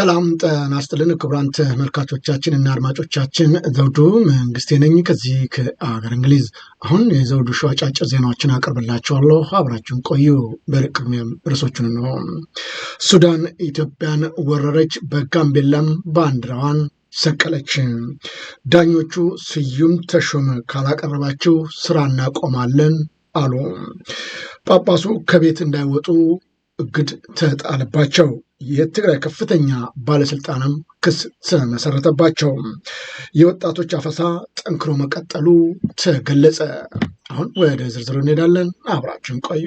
ሰላም ጤና ይስጥልን ክቡራን ተመልካቾቻችን እና አድማጮቻችን፣ ዘውዱ መንግስቴ ነኝ ከዚህ ከአገር እንግሊዝ። አሁን የዘውዱ ሾው አጫጭር ዜናዎችን አቀርብላችኋለሁ፣ አብራችሁን ቆዩ። በቅድሚያም ርዕሶቹን እንሆ። ሱዳን ኢትዮጵያን ወረረች፣ በጋምቤላም ባንዲራዋን ሰቀለች። ዳኞቹ ስዩም ተሾመ ካላቀረባችሁ ስራ እናቆማለን አሉ። ጳጳሱ ከቤት እንዳይወጡ እግድ ተጣለባቸው። የትግራይ ከፍተኛ ባለስልጣንም ክስ ስለመሰረተባቸው የወጣቶች አፈሳ ጠንክሮ መቀጠሉ ተገለጸ። አሁን ወደ ዝርዝሩ እንሄዳለን። አብራችን ቆዩ።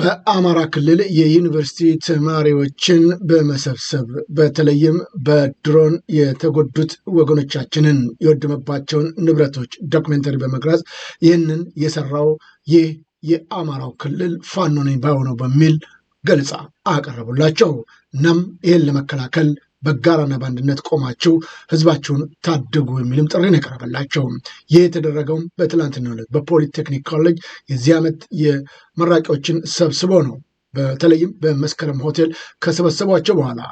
በአማራ ክልል የዩኒቨርሲቲ ተማሪዎችን በመሰብሰብ በተለይም በድሮን የተጎዱት ወገኖቻችንን የወደመባቸውን ንብረቶች ዶክሜንተሪ በመቅረጽ ይህንን የሰራው ይህ የአማራው ክልል ፋኖ ነኝ ባይ በሚል ገለጻ አቀረቡላቸው። እናም ይህን ለመከላከል በጋራና በአንድነት ቆማችሁ ህዝባችሁን ታድጉ የሚልም ጥሪ ነው የቀረበላቸው። ይህ የተደረገውም በትላንትናው ዕለት በፖሊቴክኒክ ኮሌጅ የዚህ ዓመት የመራቂዎችን ሰብስቦ ነው። በተለይም በመስከረም ሆቴል ከሰበሰቧቸው በኋላ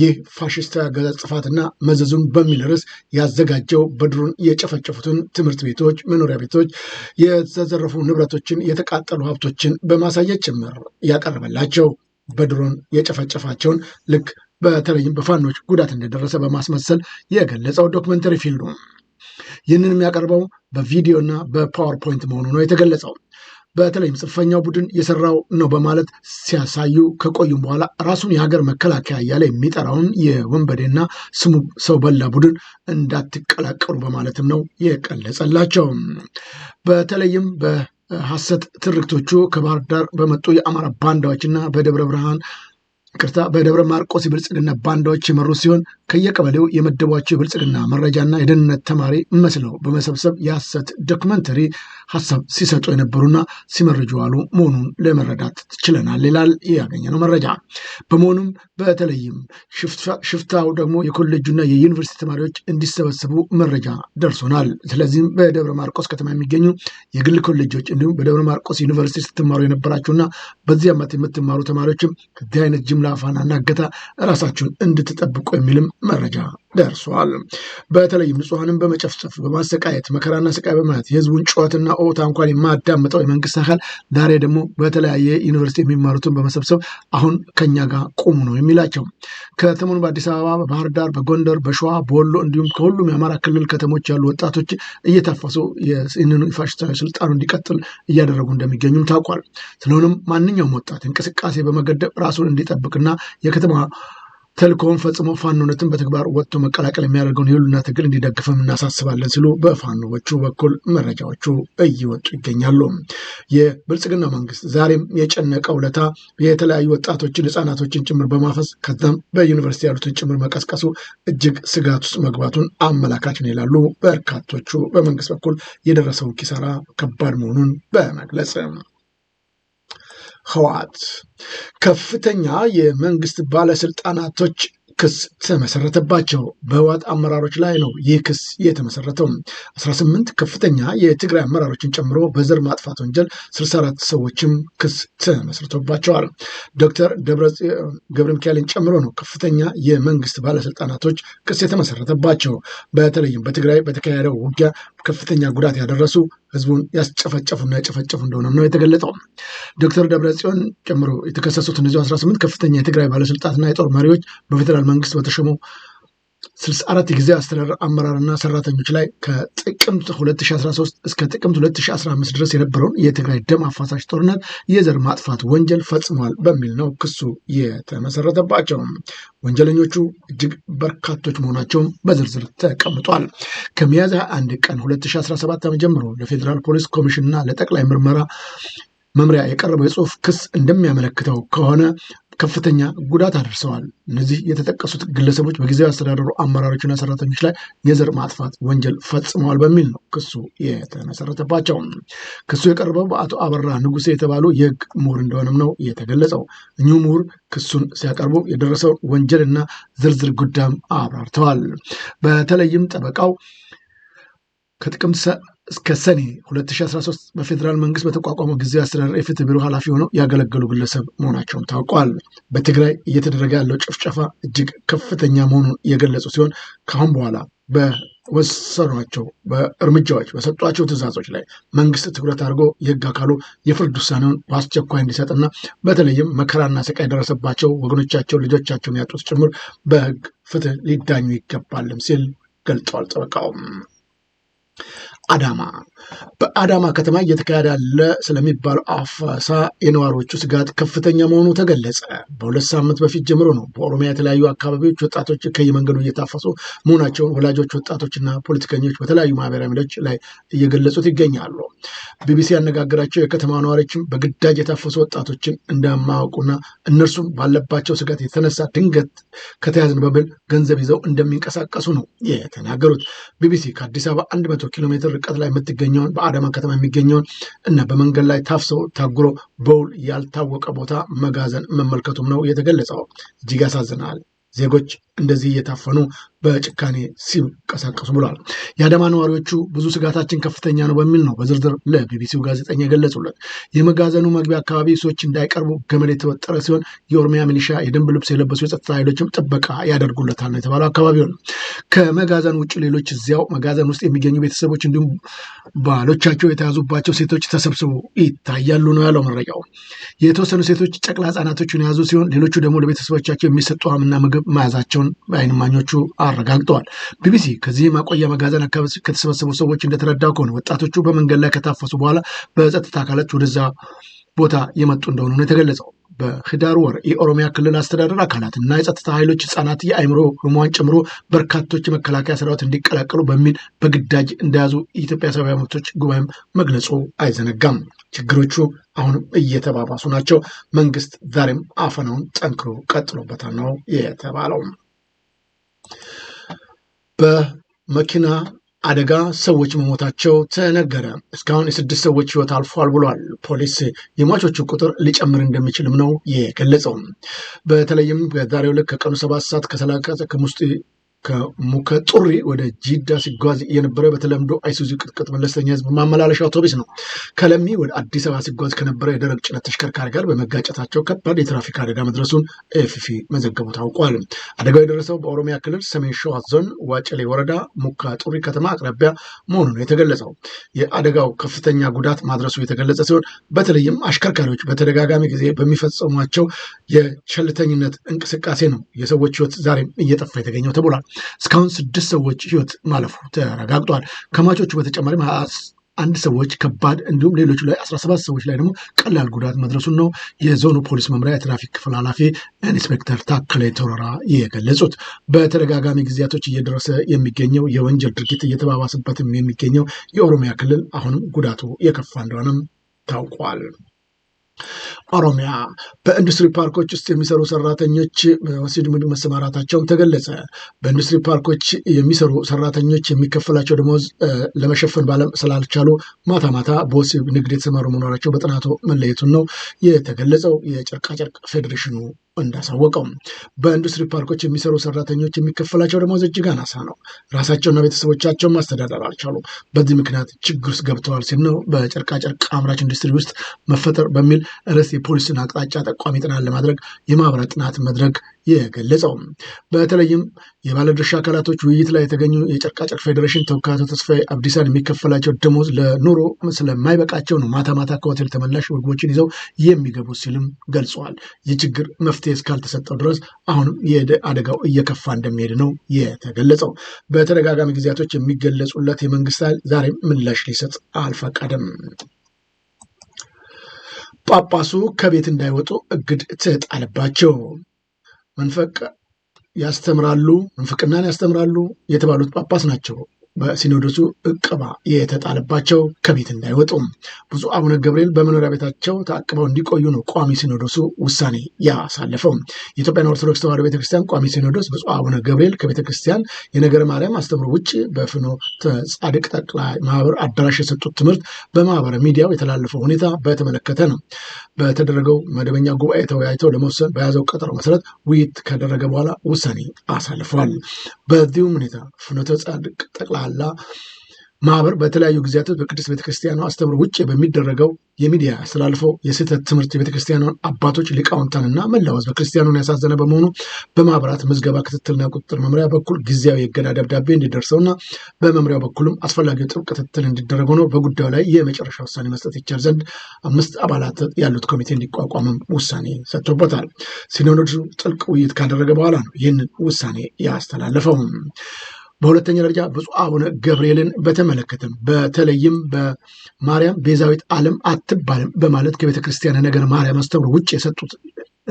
ይህ ፋሽስት አገዛዝ ጥፋትና መዘዙን በሚል ርዕስ ያዘጋጀው በድሮን የጨፈጨፉትን ትምህርት ቤቶች፣ መኖሪያ ቤቶች፣ የተዘረፉ ንብረቶችን፣ የተቃጠሉ ሀብቶችን በማሳየት ጭምር ያቀረበላቸው በድሮን የጨፈጨፋቸውን ልክ በተለይም በፋኖች ጉዳት እንደደረሰ በማስመሰል የገለጸው ዶክመንተሪ ፊልዱ ይህንን የሚያቀርበው በቪዲዮ እና በፓወርፖይንት መሆኑ ነው የተገለጸው። በተለይም ጽንፈኛው ቡድን የሰራው ነው በማለት ሲያሳዩ ከቆዩም በኋላ ራሱን የሀገር መከላከያ እያለ የሚጠራውን የወንበዴና ስሙ ሰው በላ ቡድን እንዳትቀላቀሉ በማለትም ነው የቀለጸላቸው። በተለይም በሀሰት ትርክቶቹ ከባህር ዳር በመጡ የአማራ ባንዳዎችና በደብረ ብርሃን ይቅርታ በደብረ ማርቆስ የብልጽግና ባንዳዎች የመሩ ሲሆን ከየቀበሌው የመደቧቸው የብልጽግና መረጃና የደህንነት ተማሪ መስለው በመሰብሰብ የሐሰት ዶክመንተሪ ሀሳብ ሲሰጡ የነበሩና ሲመርጁ ዋሉ መሆኑን ለመረዳት ችለናል ይላል ያገኘነው መረጃ። በመሆኑም በተለይም ሽፍታው ደግሞ የኮሌጁና የዩኒቨርሲቲ ተማሪዎች እንዲሰበሰቡ መረጃ ደርሶናል። ስለዚህም በደብረ ማርቆስ ከተማ የሚገኙ የግል ኮሌጆች እንዲሁም በደብረ ማርቆስ ዩኒቨርሲቲ ስትማሩ የነበራችሁና በዚህ ዓመት የምትማሩ ተማሪዎችም ከዚህ አይነት ጅምላ አፈናና እገታ ራሳችሁን እንድትጠብቁ የሚልም መረጃ ደርሷል። በተለይም ንጹሐንን በመጨፍጨፍ በማሰቃየት መከራና ስቃይ በማየት የህዝቡን ጩኸትና ኦታ እንኳን የማዳምጠው የመንግስት አካል ዛሬ ደግሞ በተለያየ ዩኒቨርሲቲ የሚማሩትን በመሰብሰብ አሁን ከኛ ጋር ቁሙ ነው የሚላቸው። ከተሞን በአዲስ አበባ፣ በባህር ዳር፣ በጎንደር፣ በሸዋ፣ በወሎ እንዲሁም ከሁሉም የአማራ ክልል ከተሞች ያሉ ወጣቶች እየታፈሱ ይህንኑ ፋሽስታዊ ስልጣኑ እንዲቀጥል እያደረጉ እንደሚገኙም ታውቋል። ስለሆነም ማንኛውም ወጣት እንቅስቃሴ በመገደብ ራሱን እንዲጠብቅና የከተማ ተልኮውን ፈጽሞ ፋኖነትን በተግባር ወጥቶ መቀላቀል የሚያደርገውን የሉና ትግል እንዲደግፍም እናሳስባለን ሲሉ በፋኖዎቹ በኩል መረጃዎቹ እየወጡ ይገኛሉ። የብልጽግና መንግስት ዛሬም የጨነቀ ውለታ የተለያዩ ወጣቶችን ህፃናቶችን ጭምር በማፈስ ከዛም በዩኒቨርሲቲ ያሉትን ጭምር መቀስቀሱ እጅግ ስጋት ውስጥ መግባቱን አመላካች ነው ይላሉ በርካቶቹ። በመንግስት በኩል የደረሰው ኪሳራ ከባድ መሆኑን በመግለጽ ህወሓት ከፍተኛ የመንግስት ባለስልጣናቶች ክስ ተመሰረተባቸው። በህወሓት አመራሮች ላይ ነው ይህ ክስ የተመሰረተው። 18 ከፍተኛ የትግራይ አመራሮችን ጨምሮ በዘር ማጥፋት ወንጀል 64 ሰዎችም ክስ ተመስርቶባቸዋል። ዶክተር ደብረጽዮን ገብረ ሚካኤልን ጨምሮ ነው ከፍተኛ የመንግስት ባለስልጣናቶች ክስ የተመሰረተባቸው። በተለይም በትግራይ በተካሄደው ውጊያ ከፍተኛ ጉዳት ያደረሱ ህዝቡን ያስጨፈጨፉና ያጨፈጨፉ እንደሆነ ነው የተገለጠው። ዶክተር ደብረጽዮን ጨምሮ የተከሰሱት እነዚሁ 18 ከፍተኛ የትግራይ ባለስልጣትና የጦር መሪዎች በፌዴራል መንግስት በተሾመው 64 ጊዜ አስተዳደር አመራርና ሰራተኞች ላይ ከጥቅምት 2013 እስከ ጥቅምት 2015 ድረስ የነበረውን የትግራይ ደም አፋሳሽ ጦርነት የዘር ማጥፋት ወንጀል ፈጽሟል በሚል ነው ክሱ የተመሰረተባቸው። ወንጀለኞቹ እጅግ በርካቶች መሆናቸውም በዝርዝር ተቀምጧል። ከሚያዝያ 1 ቀን 2017 ዓ.ም ጀምሮ ለፌዴራል ፖሊስ ኮሚሽንና ለጠቅላይ ምርመራ መምሪያ የቀረበው የጽሁፍ ክስ እንደሚያመለክተው ከሆነ ከፍተኛ ጉዳት አደርሰዋል። እነዚህ የተጠቀሱት ግለሰቦች በጊዜያዊ አስተዳደሩ አመራሮችና ሰራተኞች ላይ የዘር ማጥፋት ወንጀል ፈጽመዋል በሚል ነው ክሱ የተመሰረተባቸው። ክሱ የቀረበው በአቶ አበራ ንጉሴ የተባሉ የህግ ምሁር እንደሆነም ነው የተገለጸው። እኚሁ ምሁር ክሱን ሲያቀርቡ የደረሰውን ወንጀልና ዝርዝር ጉዳም አብራርተዋል። በተለይም ጠበቃው ከጥቅምት እስከ ሰኔ 2013 በፌዴራል መንግስት በተቋቋመው ጊዜ አስተዳደር የፍትህ ቢሮ ኃላፊ ሆነው ያገለገሉ ግለሰብ መሆናቸውን ታውቋል። በትግራይ እየተደረገ ያለው ጭፍጨፋ እጅግ ከፍተኛ መሆኑን የገለጹ ሲሆን ከአሁን በኋላ በወሰኗቸው በእርምጃዎች በሰጧቸው ትእዛዞች ላይ መንግስት ትኩረት አድርጎ የህግ አካሉ የፍርድ ውሳኔውን በአስቸኳይ እንዲሰጥና በተለይም መከራና ስቃይ የደረሰባቸው ወገኖቻቸውን ልጆቻቸውን ያጡት ጭምር በህግ ፍትህ ሊዳኙ ይገባልም ሲል ገልጠዋል። ጠበቃውም አዳማ በአዳማ ከተማ እየተካሄደ ያለ ስለሚባለው አፈሳ የነዋሪዎቹ ስጋት ከፍተኛ መሆኑ ተገለጸ። በሁለት ሳምንት በፊት ጀምሮ ነው በኦሮሚያ የተለያዩ አካባቢዎች ወጣቶች ከየመንገዱ እየታፈሱ መሆናቸውን ወላጆች፣ ወጣቶችና ፖለቲከኞች በተለያዩ ማህበራዊ ሚዲያዎች ላይ እየገለጹት ይገኛሉ። ቢቢሲ ያነጋገራቸው የከተማ ነዋሪዎችም በግዳጅ የታፈሱ ወጣቶችን እንደማያውቁና እነርሱም ባለባቸው ስጋት የተነሳ ድንገት ከተያዝን በሚል ገንዘብ ይዘው እንደሚንቀሳቀሱ ነው የተናገሩት። ቢቢሲ ከአዲስ አበባ መቶ ኪሎ ሜትር ርቀት ላይ የምትገኘውን በአዳማ ከተማ የሚገኘውን እና በመንገድ ላይ ታፍሰው ታጉሮ በውል ያልታወቀ ቦታ መጋዘን መመልከቱም ነው የተገለጸው። እጅግ ያሳዝናል። ዜጎች እንደዚህ እየታፈኑ በጭካኔ ሲንቀሳቀሱ ብሏል። የአዳማ ነዋሪዎቹ ብዙ ስጋታችን ከፍተኛ ነው በሚል ነው በዝርዝር ለቢቢሲው ጋዜጠኛ የገለጹለት። የመጋዘኑ መግቢያ አካባቢ ሰዎች እንዳይቀርቡ ገመድ የተወጠረ ሲሆን የኦሮሚያ ሚሊሻ የደንብ ልብስ የለበሱ የጸጥታ ኃይሎችም ጥበቃ ያደርጉለታል ነው የተባለው። አካባቢውን ከመጋዘን ውጭ ሌሎች እዚያው መጋዘን ውስጥ የሚገኙ ቤተሰቦች እንዲሁም ባሎቻቸው የተያዙባቸው ሴቶች ተሰብስበው ይታያሉ ነው ያለው መረጃው። የተወሰኑ ሴቶች ጨቅላ ህጻናቶችን የያዙ ሲሆን ሌሎቹ ደግሞ ለቤተሰቦቻቸው የሚሰጡ ምና ምግብ መያዛቸውን አይንማኞቹ አ አረጋግጠዋል። ቢቢሲ ከዚህ ማቆያ መጋዘን አካባቢ ከተሰበሰቡ ሰዎች እንደተረዳው ከሆነ ወጣቶቹ በመንገድ ላይ ከታፈሱ በኋላ በጸጥታ አካላት ወደዛ ቦታ የመጡ እንደሆኑ ነው የተገለጸው። በህዳር ወር የኦሮሚያ ክልል አስተዳደር አካላት እና የጸጥታ ኃይሎች ህጻናት የአይምሮ ህሙማን ጨምሮ በርካቶች የመከላከያ ሰራዊት እንዲቀላቀሉ በሚል በግዳጅ እንደያዙ የኢትዮጵያ ሰብአዊ መብቶች ጉባኤም መግለጹ አይዘነጋም። ችግሮቹ አሁንም እየተባባሱ ናቸው። መንግስት ዛሬም አፈናውን ጠንክሮ ቀጥሎበታል ነው የተባለው። በመኪና አደጋ ሰዎች መሞታቸው ተነገረ። እስካሁን የስድስት ሰዎች ህይወት አልፏል ብሏል ፖሊስ። የሟቾቹ ቁጥር ሊጨምር እንደሚችልም ነው የገለጸው። በተለይም በዛሬው ልክ ከቀኑ ሰባት ሰዓት ጥቅም ውስጥ ከሙከጡሪ ወደ ጂዳ ሲጓዝ የነበረ በተለምዶ አይሱዙ ቅጥቅጥ መለስተኛ ህዝብ ማመላለሻ አውቶቡስ ነው። ከለሚ ወደ አዲስ አበባ ሲጓዝ ከነበረ የደረቅ ጭነት ተሽከርካሪ ጋር በመጋጨታቸው ከባድ የትራፊክ አደጋ መድረሱን ኤፍፊ መዘገቡ ታውቋል። አደጋው የደረሰው በኦሮሚያ ክልል ሰሜን ሸዋ ዞን ዋጨሌ ወረዳ ሙከጡሪ ከተማ አቅራቢያ መሆኑ ነው የተገለጸው። የአደጋው ከፍተኛ ጉዳት ማድረሱ የተገለጸ ሲሆን በተለይም አሽከርካሪዎች በተደጋጋሚ ጊዜ በሚፈጽሟቸው የቸልተኝነት እንቅስቃሴ ነው የሰዎች ህይወት ዛሬም እየጠፋ የተገኘው ተብሏል። እስካሁን ስድስት ሰዎች ህይወት ማለፉ ተረጋግጧል። ከማቾቹ በተጨማሪም አንድ ሰዎች ከባድ እንዲሁም ሌሎቹ ላይ 17 ሰዎች ላይ ደግሞ ቀላል ጉዳት መድረሱን ነው የዞኑ ፖሊስ መምሪያ የትራፊክ ክፍል ኃላፊ ኢንስፔክተር ታከለ ተወረራ የገለጹት። በተደጋጋሚ ጊዜያቶች እየደረሰ የሚገኘው የወንጀል ድርጊት እየተባባሰበትም የሚገኘው የኦሮሚያ ክልል አሁንም ጉዳቱ የከፋ እንደሆነም ታውቋል። ኦሮሚያ በኢንዱስትሪ ፓርኮች ውስጥ የሚሰሩ ሰራተኞች በወሲብ ምድ መሰማራታቸውን ተገለጸ። በኢንዱስትሪ ፓርኮች የሚሰሩ ሰራተኞች የሚከፈላቸው ደሞዝ ለመሸፈን ባለም ስላልቻሉ ማታ ማታ በወሲብ ንግድ የተሰማሩ መኖራቸው በጥናቱ መለየቱን ነው የተገለጸው። የጨርቃጨርቅ ፌዴሬሽኑ እንዳሳወቀው በኢንዱስትሪ ፓርኮች የሚሰሩ ሰራተኞች የሚከፈላቸው ደሞዝ እጅግ አናሳ ነው። ራሳቸውና ቤተሰቦቻቸውን ማስተዳደር አልቻሉ። በዚህ ምክንያት ችግር ውስጥ ገብተዋል ሲል ነው በጨርቃጨርቅ አምራች ኢንዱስትሪ ውስጥ መፈጠር በሚል ርዕስ የፖሊስን አቅጣጫ ጠቋሚ ጥናት ለማድረግ የማህበራት ጥናት መድረክ የገለጸው። በተለይም የባለድርሻ አካላቶች ውይይት ላይ የተገኙ የጨርቃጨርቅ ፌዴሬሽን ተወካይ አቶ ተስፋዬ አብዲሳን የሚከፈላቸው ደሞዝ ለኑሮ ስለማይበቃቸው ነው ማታ ማታ ከሆቴል ተመላሽ ምግቦችን ይዘው የሚገቡ ሲልም ገልጸዋል። ይህ ችግር መፍትሄ እስካልተሰጠው ድረስ አሁንም አደጋው እየከፋ እንደሚሄድ ነው የተገለጸው። በተደጋጋሚ ጊዜያቶች የሚገለጹለት የመንግስት ኃይል ዛሬም ምላሽ ሊሰጥ አልፈቀደም። ጳጳሱ ከቤት እንዳይወጡ እግድ ትጣለባቸው። መንፈቅ ያስተምራሉ፣ መንፍቅናን ያስተምራሉ የተባሉት ጳጳስ ናቸው። በሲኖዶሱ እቅባ የተጣለባቸው ከቤት እንዳይወጡም ብፁዕ አቡነ ገብርኤል በመኖሪያ ቤታቸው ተአቅበው እንዲቆዩ ነው ቋሚ ሲኖዶሱ ውሳኔ ያሳለፈው። የኢትዮጵያን ኦርቶዶክስ ተዋሕዶ ቤተክርስቲያን ቋሚ ሲኖዶስ ብፁዕ አቡነ ገብርኤል ከቤተክርስቲያን የነገረ ማርያም አስተምሮ ውጭ በፍኖተ ጻድቅ ጠቅላይ ማህበር አዳራሽ የሰጡት ትምህርት በማህበረ ሚዲያው የተላለፈው ሁኔታ በተመለከተ ነው። በተደረገው መደበኛ ጉባኤ ተወያይተው ለመወሰን በያዘው ቀጠሮ መሰረት ውይይት ከደረገ በኋላ ውሳኔ አሳልፏል። በዚሁም ሁኔታ ፍኖተ ጻድቅ ጠቅላይ ጠቅላላ ማህበር በተለያዩ ጊዜያቶች በቅድስት ቤተክርስቲያኗ አስተምሮ ውጭ በሚደረገው የሚዲያ አስተላልፎ የስህተት ትምህርት የቤተክርስቲያኗን አባቶች ሊቃውንታንና መላው ሕዝበ ክርስቲያኑን ያሳዘነ በመሆኑ በማህበራት ምዝገባ ክትትልና ቁጥጥር መምሪያ በኩል ጊዜያዊ የእገዳ ደብዳቤ እንዲደርሰውና በመምሪያው በኩልም አስፈላጊው ጥብቅ ክትትል እንዲደረግ ነው። በጉዳዩ ላይ የመጨረሻ ውሳኔ መስጠት ይቻል ዘንድ አምስት አባላት ያሉት ኮሚቴ እንዲቋቋምም ውሳኔ ሰጥቶበታል። ሲኖዶሱ ጥልቅ ውይይት ካደረገ በኋላ ነው ይህንን ውሳኔ ያስተላለፈው። በሁለተኛ ደረጃ ብፁዕ አቡነ ገብርኤልን በተመለከተም በተለይም በማርያም ቤዛዊት ዓለም አትባልም በማለት ከቤተ ክርስቲያን ነገር ማርያም አስተምሮ ውጭ የሰጡት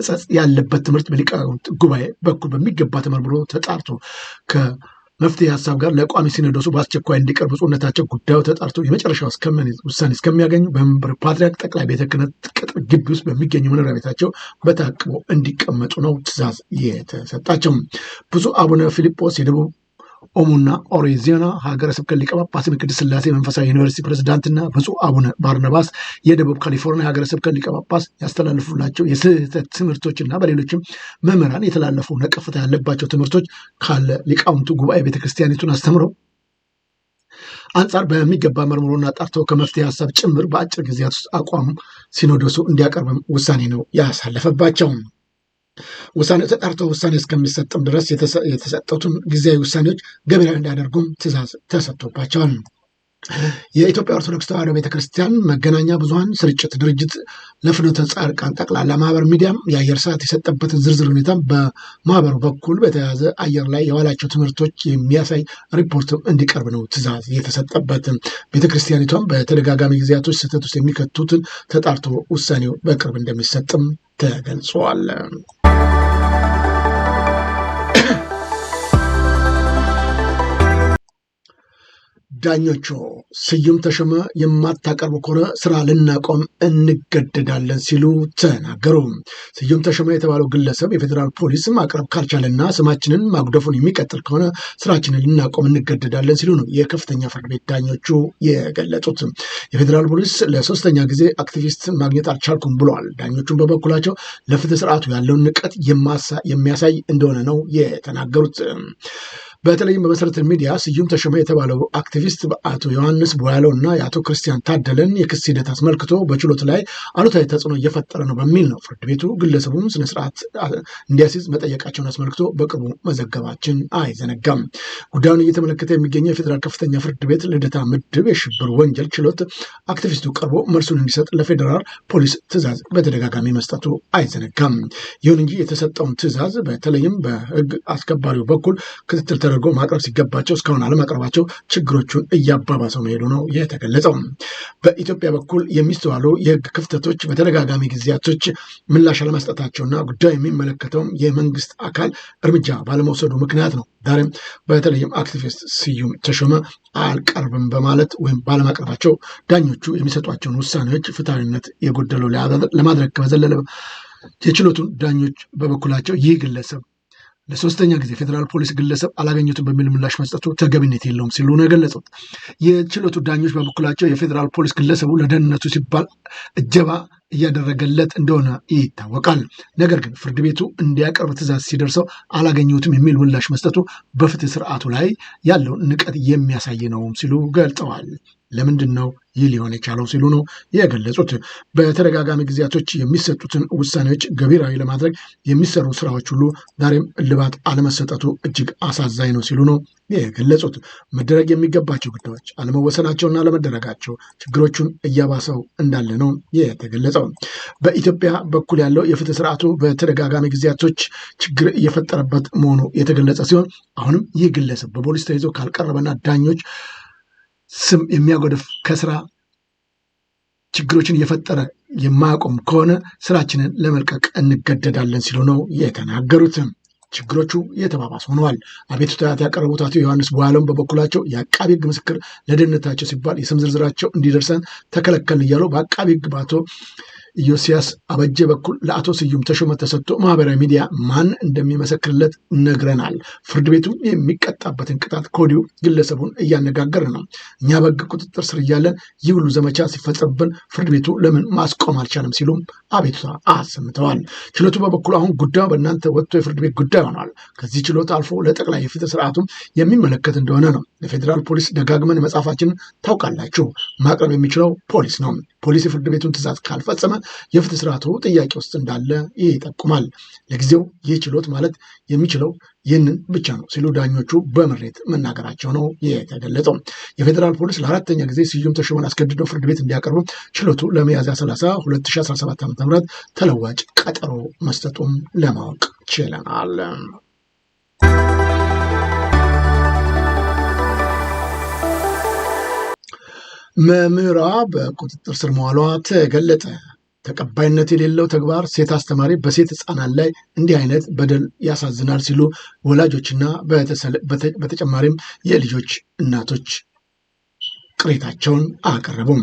እጸጽ ያለበት ትምህርት በሊቃውንት ጉባኤ በኩል በሚገባ ተመርምሮ ተጣርቶ ከመፍትሄ ሀሳብ ጋር ለቋሚ ሲነደሱ በአስቸኳይ እንዲቀርብ ብፁዕነታቸው ጉዳዩ ተጣርቶ የመጨረሻ ውሳኔ እስከሚያገኙ በመንበረ ፓትርያርክ ጠቅላይ ቤተ ክህነት ቅጥር ግቢ ውስጥ በሚገኙ መኖሪያ ቤታቸው በታቅቦ እንዲቀመጡ ነው ትእዛዝ የተሰጣቸው። ብፁዕ አቡነ ፊልጶስ የደቡብ ኦሞና ኦሬ ዜና ሀገረ ስብከት ሊቀ ጳጳስ ምክድ ስላሴ መንፈሳዊ ዩኒቨርሲቲ ፕሬዝዳንትና ብፁዕ አቡነ ባርናባስ የደቡብ ካሊፎርኒያ ሀገረ ስብከት ሊቀ ጳጳስ ያስተላልፉላቸው የስህተት ትምህርቶችና በሌሎችም መምህራን የተላለፉ ነቀፍታ ያለባቸው ትምህርቶች ካለ ሊቃውንቱ ጉባኤ ቤተክርስቲያኒቱን አስተምረው አንጻር በሚገባ መርምሮና ጣርቶ ከመፍትሄ ሀሳብ ጭምር በአጭር ጊዜያት ውስጥ አቋም ሲኖዶሱ እንዲያቀርብም ውሳኔ ነው ያሳለፈባቸውም። ውሳኔ ተጣርቶ ውሳኔ እስከሚሰጥም ድረስ የተሰጠቱን ጊዜያዊ ውሳኔዎች ገቢራዊ እንዲያደርጉም ትእዛዝ ተሰጥቶባቸዋል። የኢትዮጵያ ኦርቶዶክስ ተዋሕዶ ቤተክርስቲያን መገናኛ ብዙሀን ስርጭት ድርጅት ለፍኖተ ጻድቃን ጠቅላላ ማህበር ሚዲያም የአየር ሰዓት የሰጠበትን ዝርዝር ሁኔታ በማህበሩ በኩል በተያዘ አየር ላይ የዋላቸው ትምህርቶች የሚያሳይ ሪፖርትም እንዲቀርብ ነው ትእዛዝ የተሰጠበት። ቤተክርስቲያኒቷም በተደጋጋሚ ጊዜያቶች ስህተት ውስጥ የሚከቱትን ተጣርቶ ውሳኔው በቅርብ እንደሚሰጥም ተገልጿል። ዳኞቹ ስዩም ተሾመ የማታቀርቡ ከሆነ ስራ ልናቆም እንገደዳለን ሲሉ ተናገሩ። ስዩም ተሾመ የተባለው ግለሰብ የፌዴራል ፖሊስ ማቅረብ ካልቻለና ስማችንን ማጉደፉን የሚቀጥል ከሆነ ስራችንን ልናቆም እንገደዳለን ሲሉ ነው የከፍተኛ ፍርድ ቤት ዳኞቹ የገለጹት። የፌዴራል ፖሊስ ለሶስተኛ ጊዜ አክቲቪስት ማግኘት አልቻልኩም ብለዋል። ዳኞቹን በበኩላቸው ለፍትህ ስርዓቱ ያለውን ንቀት የሚያሳይ እንደሆነ ነው የተናገሩት። በተለይም በመሰረተ ሚዲያ ስዩም ተሾመ የተባለው አክቲቪስት በአቶ ዮሐንስ ቦያለው እና የአቶ ክርስቲያን ታደለን የክስ ሂደት አስመልክቶ በችሎት ላይ አሉታዊ ተጽዕኖ እየፈጠረ ነው በሚል ነው ፍርድ ቤቱ ግለሰቡን ስነስርዓት እንዲያስይዝ መጠየቃቸውን አስመልክቶ በቅርቡ መዘገባችን አይዘነጋም። ጉዳዩን እየተመለከተ የሚገኘው የፌዴራል ከፍተኛ ፍርድ ቤት ልደታ ምድብ የሽብር ወንጀል ችሎት አክቲቪስቱ ቀርቦ መልሱን እንዲሰጥ ለፌዴራል ፖሊስ ትዕዛዝ በተደጋጋሚ መስጠቱ አይዘነጋም። ይሁን እንጂ የተሰጠውን ትዕዛዝ በተለይም በህግ አስከባሪው በኩል ክትትል ተደርጎ ማቅረብ ሲገባቸው እስካሁን አለማቅረባቸው ችግሮቹን እያባባሰው መሄዱ ነው የተገለጸው። በኢትዮጵያ በኩል የሚስተዋሉ የህግ ክፍተቶች በተደጋጋሚ ጊዜያቶች ምላሽ አለመስጠታቸውና ጉዳዩ የሚመለከተውም የመንግስት አካል እርምጃ ባለመውሰዱ ምክንያት ነው። ዛሬም በተለይም አክቲቪስት ስዩም ተሾመ አልቀርብም በማለት ወይም ባለማቅረባቸው ዳኞቹ የሚሰጧቸውን ውሳኔዎች ፍትሐዊነት የጎደለው ለማድረግ ከመዘለለ የችሎቱን ዳኞች በበኩላቸው ይህ ግለሰብ ለሶስተኛ ጊዜ ፌዴራል ፖሊስ ግለሰብ አላገኙትም በሚል ምላሽ መስጠቱ ተገቢነት የለውም ሲሉ ነው የገለጹት። የችሎቱ ዳኞች በበኩላቸው የፌዴራል ፖሊስ ግለሰቡ ለደህንነቱ ሲባል እጀባ እያደረገለት እንደሆነ ይታወቃል። ነገር ግን ፍርድ ቤቱ እንዲያቀርብ ትዕዛዝ ሲደርሰው አላገኘሁትም የሚል ምላሽ መስጠቱ በፍትህ ስርዓቱ ላይ ያለውን ንቀት የሚያሳይ ነው ሲሉ ገልጠዋል። ለምንድን ነው ይህ ሊሆን የቻለው ሲሉ ነው የገለጹት። በተደጋጋሚ ጊዜያቶች የሚሰጡትን ውሳኔዎች ገቢራዊ ለማድረግ የሚሰሩ ስራዎች ሁሉ ዛሬም እልባት አለመሰጠቱ እጅግ አሳዛኝ ነው ሲሉ ነው የገለጹት። መደረግ የሚገባቸው ጉዳዮች አለመወሰናቸውና አለመደረጋቸው ችግሮቹን እያባሰው እንዳለ ነው የተገለጸው። በኢትዮጵያ በኩል ያለው የፍትህ ስርዓቱ በተደጋጋሚ ጊዜያቶች ችግር እየፈጠረበት መሆኑ የተገለጸ ሲሆን አሁንም ይህ ግለሰብ በፖሊስ ተይዞ ካልቀረበና ዳኞች ስም የሚያጎድፍ ከስራ ችግሮችን እየፈጠረ የማያቆም ከሆነ ስራችንን ለመልቀቅ እንገደዳለን ሲሉ ነው የተናገሩትም። ችግሮቹ እየተባባሱ ሆነዋል። አቤቱታ ያቀረቡት አቶ ዮሐንስ ቧለም በበኩላቸው የአቃቢ ሕግ ምስክር ለደህንነታቸው ሲባል የስም ዝርዝራቸው እንዲደርሰን ተከለከልን እያሉ በአቃቢ ሕግ በአቶ ኢዮስያስ አበጀ በኩል ለአቶ ስዩም ተሾመ ተሰጥቶ ማህበራዊ ሚዲያ ማን እንደሚመሰክርለት ነግረናል። ፍርድ ቤቱም የሚቀጣበትን ቅጣት ከወዲሁ ግለሰቡን እያነጋገረ ነው። እኛ በሕግ ቁጥጥር ስር እያለን ይህ ሁሉ ዘመቻ ሲፈጸምብን ፍርድ ቤቱ ለምን ማስቆም አልቻለም? ሲሉም አቤቱታ አሰምተዋል። ችሎቱ በበኩሉ አሁን ጉዳዩ በእናንተ ወጥቶ የፍርድ ቤት ጉዳይ ይሆናሉ። ከዚህ ችሎት አልፎ ለጠቅላይ የፍትህ ስርዓቱም የሚመለከት እንደሆነ ነው ለፌዴራል ፖሊስ ደጋግመን መጻፋችንን ታውቃላችሁ። ማቅረብ የሚችለው ፖሊስ ነው። ፖሊስ የፍርድ ቤቱን ትዕዛዝ ካልፈጸመ የፍትህ ስርዓቱ ጥያቄ ውስጥ እንዳለ ይጠቁማል። ለጊዜው ይህ ችሎት ማለት የሚችለው ይህንን ብቻ ነው ሲሉ ዳኞቹ በምሬት መናገራቸው ነው የተገለጸው። የፌዴራል ፖሊስ ለአራተኛ ጊዜ ስዩም ተሾመን አስገድደው ፍርድ ቤት እንዲያቀርቡ ችሎቱ ለሚያዝያ 30 2017 ዓ ም ተለዋጭ ቀጠሮ መስጠቱም ለማወቅ Gyllenhaal. መምህሯ ቁጥጥር ስር መዋሏ ተገለጠ። ተቀባይነት የሌለው ተግባር ሴት አስተማሪ በሴት ህፃናት ላይ እንዲህ አይነት በደል ያሳዝናል ሲሉ ወላጆችና በተጨማሪም የልጆች እናቶች ቅሬታቸውን አቀረቡም።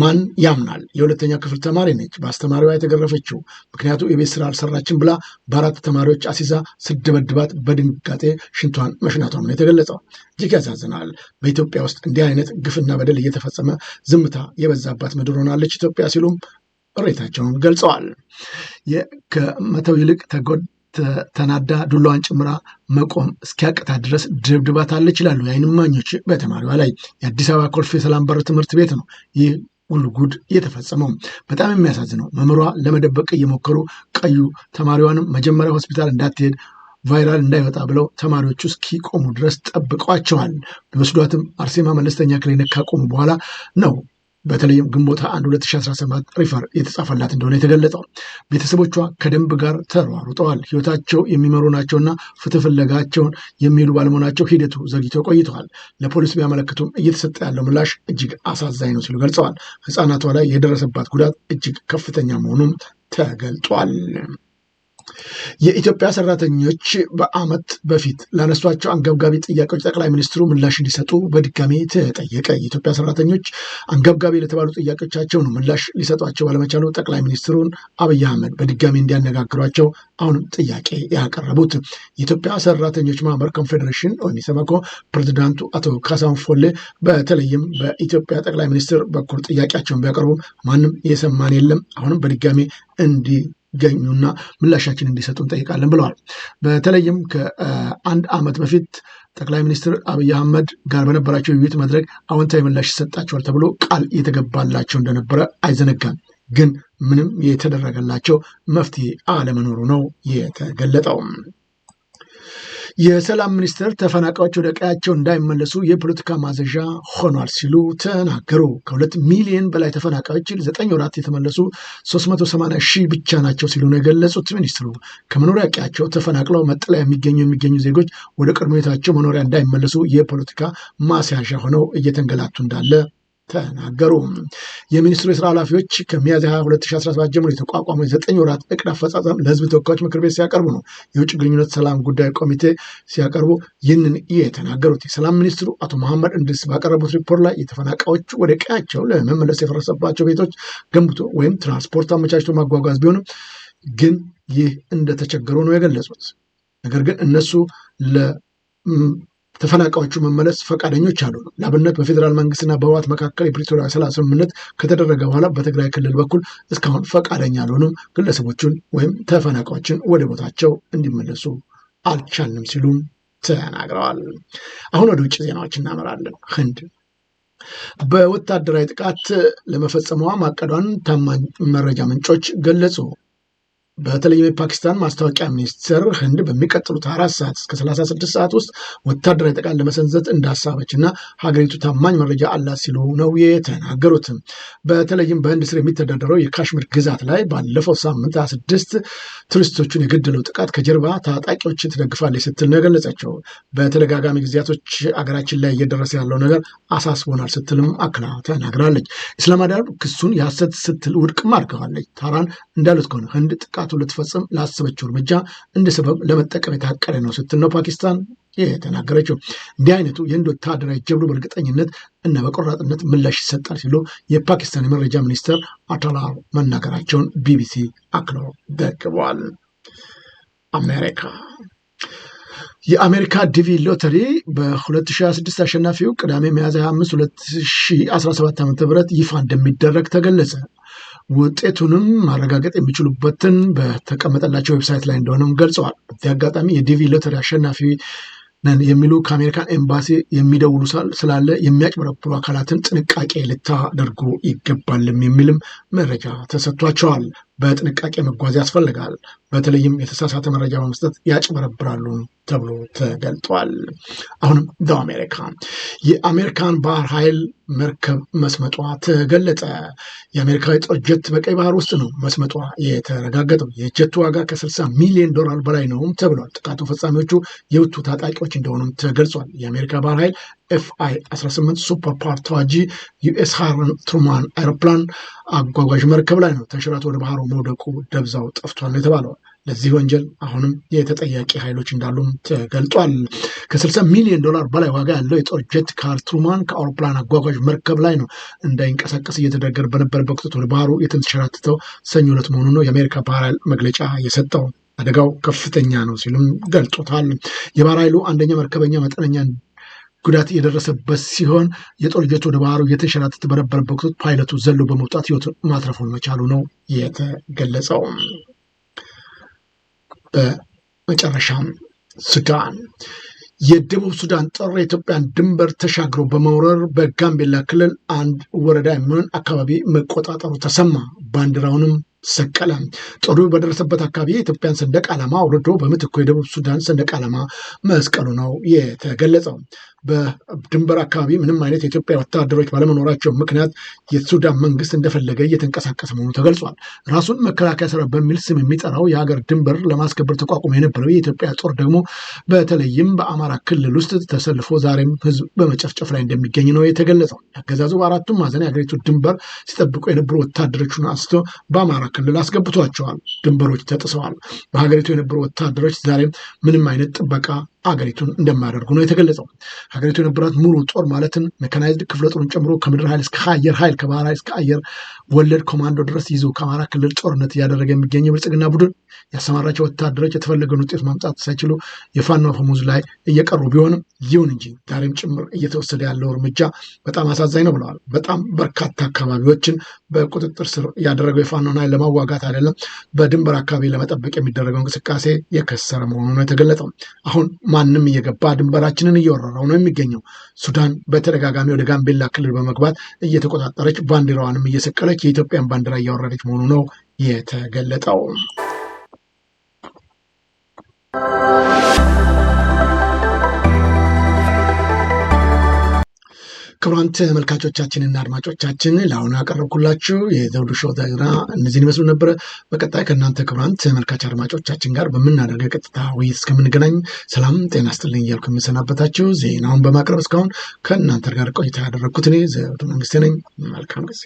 ማን ያምናል? የሁለተኛ ክፍል ተማሪ ነች በአስተማሪዋ የተገረፈችው ምክንያቱ የቤት ስራ አልሰራችም ብላ በአራት ተማሪዎች አሲዛ ስደበድባት በድንጋጤ ሽንቷን መሽናቷ ነው የተገለጸው። እጅግ ያሳዝናል። በኢትዮጵያ ውስጥ እንዲህ አይነት ግፍና በደል እየተፈጸመ ዝምታ የበዛባት ምድር ሆናለች ኢትዮጵያ ሲሉም ቅሬታቸውን ገልጸዋል። ከመተው ይልቅ ተናዳ ዱላዋን ጭምራ መቆም እስኪያቅታ ድረስ ድብድባታለች ይላሉ የዓይን እማኞች በተማሪዋ ላይ። የአዲስ አበባ ኮልፌ ሰላም በር ትምህርት ቤት ነው ይህ ሁሉ ጉድ እየተፈጸመው በጣም የሚያሳዝነው መምህሯ ለመደበቅ እየሞከሩ ቀዩ ተማሪዋንም መጀመሪያ ሆስፒታል እንዳትሄድ ቫይራል እንዳይወጣ ብለው ተማሪዎቹ እስኪቆሙ ድረስ ጠብቀዋቸዋል። ቢወስዷትም አርሴማ መለስተኛ ክሊኒክ ካቆሙ በኋላ ነው በተለይም ግንቦት 1 2017 ሪፈር የተጻፈላት እንደሆነ የተገለጸው ቤተሰቦቿ ከደንብ ጋር ተሯሩጠዋል። ህይወታቸው የሚመሩ ናቸውና ፍትህ ፍለጋቸውን የሚሄዱ ባለመሆናቸው ሂደቱ ዘግይቶ ቆይተዋል። ለፖሊስ ቢያመለክቱም እየተሰጠ ያለው ምላሽ እጅግ አሳዛኝ ነው ሲሉ ገልጸዋል። ህፃናቷ ላይ የደረሰባት ጉዳት እጅግ ከፍተኛ መሆኑም ተገልጧል። የኢትዮጵያ ሰራተኞች በአመት በፊት ላነሷቸው አንገብጋቢ ጥያቄዎች ጠቅላይ ሚኒስትሩ ምላሽ እንዲሰጡ በድጋሜ ተጠየቀ። የኢትዮጵያ ሰራተኞች አንገብጋቢ ለተባሉ ጥያቄዎቻቸው ነው ምላሽ ሊሰጧቸው ባለመቻሉ ጠቅላይ ሚኒስትሩን አብይ አህመድ በድጋሜ እንዲያነጋግሯቸው አሁንም ጥያቄ ያቀረቡት የኢትዮጵያ ሰራተኞች ማህበር ኮንፌዴሬሽን ወይም ኢሰመኮ ፕሬዚዳንቱ አቶ ካሳሁን ፎሌ በተለይም በኢትዮጵያ ጠቅላይ ሚኒስትር በኩል ጥያቄያቸውን ቢያቀርቡ ማንም የሰማን የለም አሁንም በድጋሜ እንዲ ገኙና ምላሻችን እንዲሰጡ እንጠይቃለን ብለዋል። በተለይም ከአንድ ዓመት በፊት ጠቅላይ ሚኒስትር አብይ አህመድ ጋር በነበራቸው የውይይት መድረክ አዎንታዊ ምላሽ ይሰጣቸዋል ተብሎ ቃል የተገባላቸው እንደነበረ አይዘነጋም። ግን ምንም የተደረገላቸው መፍትሄ አለመኖሩ ነው የተገለጠው። የሰላም ሚኒስቴር ተፈናቃዮች ወደ ቀያቸው እንዳይመለሱ የፖለቲካ ማዘዣ ሆኗል ሲሉ ተናገሩ። ከሁለት ሚሊዮን በላይ ተፈናቃዮች ዘጠኝ ወራት የተመለሱ 380 ሺህ ብቻ ናቸው ሲሉ ነው የገለጹት። ሚኒስትሩ ከመኖሪያ ቀያቸው ተፈናቅለው መጠለያ የሚገኙ የሚገኙ ዜጎች ወደ ቀድሞ ቤታቸው መኖሪያ እንዳይመለሱ የፖለቲካ ማስያዣ ሆነው እየተንገላቱ እንዳለ ተናገሩ። የሚኒስትሩ የስራ ኃላፊዎች ከሚያዝያ 22 2017 ጀምሮ የተቋቋመው የዘጠኝ ወራት እቅድ አፈጻጸም ለህዝብ ተወካዮች ምክር ቤት ሲያቀርቡ ነው የውጭ ግንኙነት ሰላም ጉዳይ ኮሚቴ ሲያቀርቡ ይህንን የተናገሩት። የሰላም ሚኒስትሩ አቶ መሐመድ እንድስ ባቀረቡት ሪፖርት ላይ የተፈናቃዮች ወደ ቀያቸው ለመመለስ የፈረሰባቸው ቤቶች ገንብቶ ወይም ትራንስፖርት አመቻችቶ ማጓጓዝ ቢሆንም ግን ይህ እንደተቸገሩ ነው የገለጹት። ነገር ግን እነሱ ተፈናቃዮቹ መመለስ ፈቃደኞች አሉ። ለአብነት በፌዴራል መንግስትና በህወሓት መካከል የፕሪቶሪያ ሰላም ስምምነት ከተደረገ በኋላ በትግራይ ክልል በኩል እስካሁን ፈቃደኛ አልሆኑም፣ ግለሰቦቹን ወይም ተፈናቃዮችን ወደ ቦታቸው እንዲመለሱ አልቻልንም ሲሉም ተናግረዋል። አሁን ወደ ውጭ ዜናዎች እናመራለን። ህንድ በወታደራዊ ጥቃት ለመፈጸመዋ ማቀዷን ታማኝ መረጃ ምንጮች ገለጹ። በተለይም የፓኪስታን ማስታወቂያ ሚኒስትር ህንድ በሚቀጥሉት አራት ሰዓት እስከ 36 ሰዓት ውስጥ ወታደራዊ ጥቃት ለመሰንዘት እንዳሳበች እና ሀገሪቱ ታማኝ መረጃ አላት ሲሉ ነው የተናገሩት። በተለይም በህንድ ስር የሚተዳደረው የካሽሚር ግዛት ላይ ባለፈው ሳምንት 26 ቱሪስቶቹን የገደለው ጥቃት ከጀርባ ታጣቂዎች ትደግፋለች ስትል ነው የገለጸችው። በተደጋጋሚ ጊዜያቶች አገራችን ላይ እየደረሰ ያለው ነገር አሳስቦናል ስትልም አክላ ተናግራለች። ኢስላማባድ ክሱን የሀሰት ስትል ውድቅም አድርገዋለች። ታራን እንዳሉት ከሆነ ህንድ ጥቃት ጥቃቱን ልትፈጽም ላሰበችው እርምጃ እንደ ሰበብ ለመጠቀም የታቀደ ነው ስትል ነው ፓኪስታን የተናገረችው። እንዲህ አይነቱ የህንድ ወታደራዊ ጀብዱ በእርግጠኝነት እና በቆራጥነት ምላሽ ይሰጣል ሲሉ የፓኪስታን የመረጃ ሚኒስትር አታላር መናገራቸውን ቢቢሲ አክሎ ዘግቧል። አሜሪካ የአሜሪካ ዲቪ ሎተሪ በ2026 አሸናፊው ቅዳሜ ሚያዝያ 25 2017 ዓ ም ይፋ እንደሚደረግ ተገለጸ። ውጤቱንም ማረጋገጥ የሚችሉበትን በተቀመጠላቸው ዌብሳይት ላይ እንደሆነም ገልጸዋል። በዚህ አጋጣሚ የዲቪ ሎተሪ አሸናፊ ነን የሚሉ ከአሜሪካን ኤምባሲ የሚደውሉ ስላለ የሚያጭበረብሩ አካላትን ጥንቃቄ ልታደርጉ ይገባልም የሚልም መረጃ ተሰጥቷቸዋል። በጥንቃቄ መጓዝ ያስፈልጋል። በተለይም የተሳሳተ መረጃ በመስጠት ያጭበረብራሉ ተብሎ ተገልጧል። አሁንም ደ አሜሪካ የአሜሪካን ባህር ኃይል መርከብ መስመጧ ተገለጸ። የአሜሪካዊ ጦር ጀት በቀይ ባህር ውስጥ ነው መስመጧ የተረጋገጠው። የጀቱ ዋጋ ከ60 ሚሊዮን ዶላር በላይ ነው ተብሏል። ጥቃቱ ፈጻሚዎቹ የውቱ ታጣቂዎች እንደሆኑም ተገልጿል። የአሜሪካ ባህር ኃይል ኤፍአይ 18 ሱፐር ፓር ተዋጂ ዩኤስ ሃርን ትሩማን አይሮፕላን አጓጓዥ መርከብ ላይ ነው ተሽራቶ ወደ ባህሩ መውደቁ ደብዛው ጠፍቷል ነው የተባለው። ለዚህ ወንጀል አሁንም የተጠያቂ ኃይሎች እንዳሉም ተገልጧል። ከ60 ሚሊዮን ዶላር በላይ ዋጋ ያለው የጦር ጀት ካር ትሩማን ከአውሮፕላን አጓጓዥ መርከብ ላይ ነው እንዳይንቀሳቀስ እየተደገር በነበረበት ወቅት ወደ ባህሩ የተንሸራትተው ሰኞ ዕለት መሆኑ ነው የአሜሪካ ባህር ኃይል መግለጫ የሰጠው። አደጋው ከፍተኛ ነው ሲሉም ገልጦታል። የባህር ኃይሉ አንደኛ መርከበኛ መጠነኛ ጉዳት የደረሰበት ሲሆን የጦር ጀት ወደ ባህሩ እየተንሸራተተ በነበረበት ወቅት ፓይለቱ ዘሎ በመውጣት ህይወቱን ማትረፉን መቻሉ ነው የተገለጸው። በመጨረሻም ሱዳን የደቡብ ሱዳን ጦር የኢትዮጵያን ድንበር ተሻግሮ በመውረር በጋምቤላ ክልል አንድ ወረዳ የሚሆን አካባቢ መቆጣጠሩ ተሰማ። ባንዲራውንም ሰቀለ። ጦሩ በደረሰበት አካባቢ የኢትዮጵያን ሰንደቅ ዓላማ አውርዶ በምትኩ የደቡብ ሱዳን ሰንደቅ ዓላማ መስቀሉ ነው የተገለጸው። በድንበር አካባቢ ምንም አይነት የኢትዮጵያ ወታደሮች ባለመኖራቸው ምክንያት የሱዳን መንግስት እንደፈለገ እየተንቀሳቀሰ መሆኑ ተገልጿል። ራሱን መከላከያ ሰራዊት በሚል ስም የሚጠራው የሀገር ድንበር ለማስከበር ተቋቁሞ የነበረው የኢትዮጵያ ጦር ደግሞ በተለይም በአማራ ክልል ውስጥ ተሰልፎ ዛሬም ህዝብ በመጨፍጨፍ ላይ እንደሚገኝ ነው የተገለጸው። አገዛዙ በአራቱም ማዕዘን የሀገሪቱ ድንበር ሲጠብቁ የነበሩ ወታደሮችን አንስቶ በአማራ ክልል አስገብቷቸዋል። ድንበሮች ተጥሰዋል። በሀገሪቱ የነበሩ ወታደሮች ዛሬም ምንም አይነት ጥበቃ አገሪቱን እንደማያደርጉ ነው የተገለጸው። ሀገሪቱ የነበራት ሙሉ ጦር ማለትም መካናይዝድ ክፍለ ጦርን ጨምሮ ከምድር ኃይል እስከ አየር ኃይል ከባህር ኃይል እስከ አየር ወለድ ኮማንዶ ድረስ ይዞ ከአማራ ክልል ጦርነት እያደረገ የሚገኘ ብልጽግና ቡድን ያሰማራቸው ወታደሮች የተፈለገን ውጤት ማምጣት ሳይችሉ የፋኖ ፈሙዝ ላይ እየቀሩ ቢሆንም ይሁን እንጂ ዛሬም ጭምር እየተወሰደ ያለው እርምጃ በጣም አሳዛኝ ነው ብለዋል። በጣም በርካታ አካባቢዎችን በቁጥጥር ስር ያደረገው የፋኖን ኃይል ለማዋጋት አይደለም፣ በድንበር አካባቢ ለመጠበቅ የሚደረገው እንቅስቃሴ የከሰረ መሆኑ ነው የተገለጠው አሁን ማንም እየገባ ድንበራችንን እየወረረው ነው የሚገኘው። ሱዳን በተደጋጋሚ ወደ ጋምቤላ ክልል በመግባት እየተቆጣጠረች ባንዲራዋንም እየሰቀለች የኢትዮጵያን ባንዲራ እያወረደች መሆኑ ነው የተገለጠው። ክቡራን ተመልካቾቻችንና አድማጮቻችን ለአሁኑ ያቀረብኩላችሁ የዘውዱ ሾው ዜና እነዚህን ይመስሉ ነበረ። በቀጣይ ከእናንተ ክቡራን ተመልካች አድማጮቻችን ጋር በምናደርገ ቀጥታ ውይይት እስከምንገናኝ ሰላም ጤና ስጥልኝ እያልኩ የምሰናበታችሁ ዜናውን በማቅረብ እስካሁን ከእናንተ ጋር ቆይታ ያደረግኩት እኔ ዘውዱ መንግስት ነኝ። መልካም ጊዜ